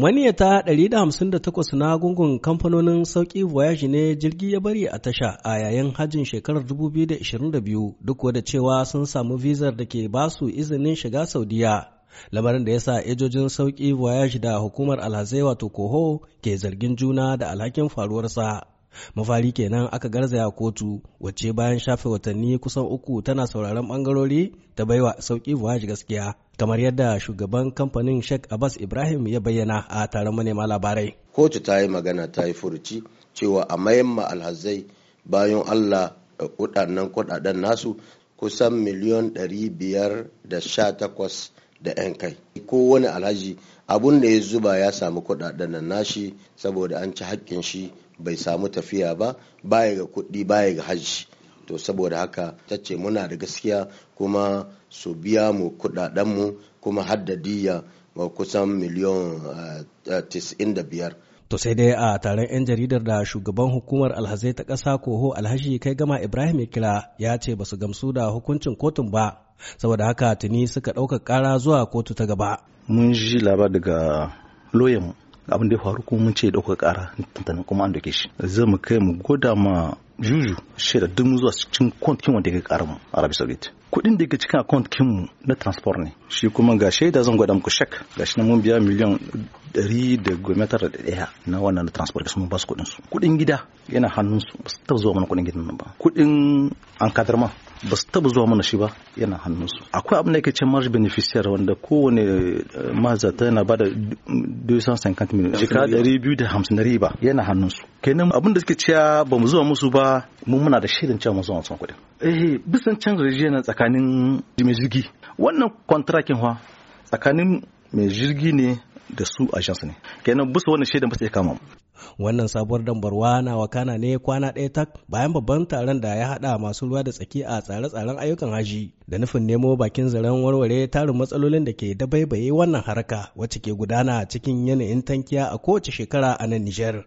Maniyata 158 na gungun kamfanonin sauƙi voyage ne jirgi ya bari a tasha a yayin hajjin shekarar 2022 duk da cewa sun samu vizar da ke basu izinin shiga Saudiya. Lamarin da ya sa ejojin sauƙi voyage da hukumar alhazai wato koho ke zargin juna da alhakin faruwarsa. Mafari kenan aka garzaya kotu wacce bayan shafe watanni kusan uku tana sauraron bangarori ta baiwa sauƙi voyage gaskiya. kamar yadda shugaban kamfanin Sheikh Abbas Ibrahim ya bayyana a taron manema labarai. Kotu ta yi magana ta yi furuci cewa a mayan alhazai bayan Allah da kudannan kudaden nasu kusan miliyon ɗari biyar da sha takwas da 'yan kai. ko wani alhaji abun da ya zuba ya samu kudaden nan nashi saboda an ci haƙƙin shi bai samu tafiya ba baya ga kuɗi baya ga hajji. to saboda haka ta ce muna da gaskiya kuma su biya mu kudadenmu kuma haddadiya kusan miliyan 95 eh, to sai dai a taron 'yan jaridar da shugaban hukumar alhazai ta ƙasa koho alhashi kai gama ibrahim ya kira ya ce ba su gamsu da hukuncin kotun ba saboda haka tuni suka ɗauka ƙara zuwa kotu ta gaba mun ji labar daga loyan abin da ya faru kuma mun ce ɗauka ƙara tantanin kuma an dake shi zai mu kai mu goda ma juju shaida dubu zuwa cikin kont kin wanda yake karamu arabi saudit kuɗin da yake cikin kin mu na transport ne shi kuma ga shaida zan gwada muku shek ga shi na mun biya miliyan ɗari da gwamnatar da ɗaya na wannan transport kasu ba su kuɗin su kuɗin gida yana hannun su ba su taɓa zuwa mana kuɗin gidan nan ba kuɗin an ma ba su taɓa zuwa mana shi ba yana hannun su akwai abin da yake ce marge beneficiary wanda kowane eh, mazata yana ba da 250 miliyan jika 250 na riba yana hannun su kenan abin da suke cewa ba mu zuwa musu ba mun muna da shirin cewa mu zuwa son kuɗin eh bisan can rijiyar tsakanin mai jirgi wannan kontrakin fa tsakanin mai jirgi ne da su agents ne kenan bisa wannan shaidan ba sai kama wannan sabuwar dambarwa na wakana ne kwana ɗaya tak bayan babban taron da ya haɗa masu ruwa da tsaki a tsare-tsaren ayyukan haji da nufin nemo bakin zaren warware tarin matsalolin da ke dabaibaye wannan haraka wacce ke gudana cikin yanayin tankiya a kowace shekara a nan Nijar.